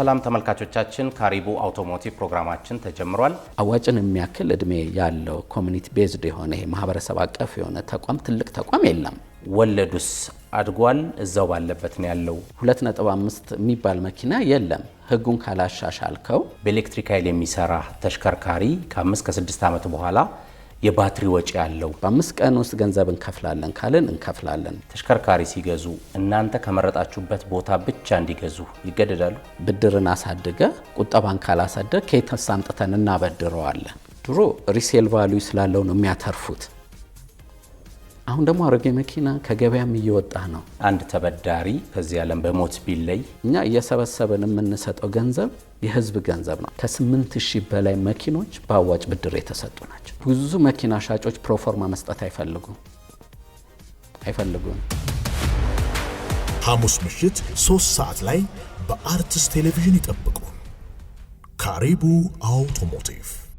ሰላም ተመልካቾቻችን፣ ካሪቡ አውቶሞቲቭ ፕሮግራማችን ተጀምሯል። አዋጭን የሚያክል እድሜ ያለው ኮሚኒቲ ቤዝድ የሆነ ማህበረሰብ አቀፍ የሆነ ተቋም ትልቅ ተቋም የለም። ወለዱስ አድጓል፣ እዛው ባለበት ነው ያለው። 2.5 የሚባል መኪና የለም። ህጉን ካላሻሻልከው በኤሌክትሪክ ኃይል የሚሰራ ተሽከርካሪ ከ5 ከ6 ዓመት በኋላ የባትሪ ወጪ ያለው በአምስት ቀን ውስጥ ገንዘብ እንከፍላለን ካልን እንከፍላለን። ተሽከርካሪ ሲገዙ እናንተ ከመረጣችሁበት ቦታ ብቻ እንዲገዙ ይገደዳሉ። ብድርን አሳድገ ቁጠባን ካላሳደግ ከየት አምጥተን እናበድረዋለን? ድሮ ሪሴል ቫሉ ስላለው ነው የሚያተርፉት። አሁን ደግሞ አሮጌ መኪና ከገበያም እየወጣ ነው። አንድ ተበዳሪ ከዚህ ዓለም በሞት ቢለይ እኛ እየሰበሰብን የምንሰጠው ገንዘብ የህዝብ ገንዘብ ነው። ከስምንት ሺህ በላይ መኪኖች በአዋጭ ብድር የተሰጡ ናቸው። ብዙ መኪና ሻጮች ፕሮፎርማ መስጠት አይፈልጉም አይፈልጉም። ሐሙስ ምሽት ሶስት ሰዓት ላይ በአርትስ ቴሌቪዥን ይጠብቁ። ካሪቡ አውቶሞቲቭ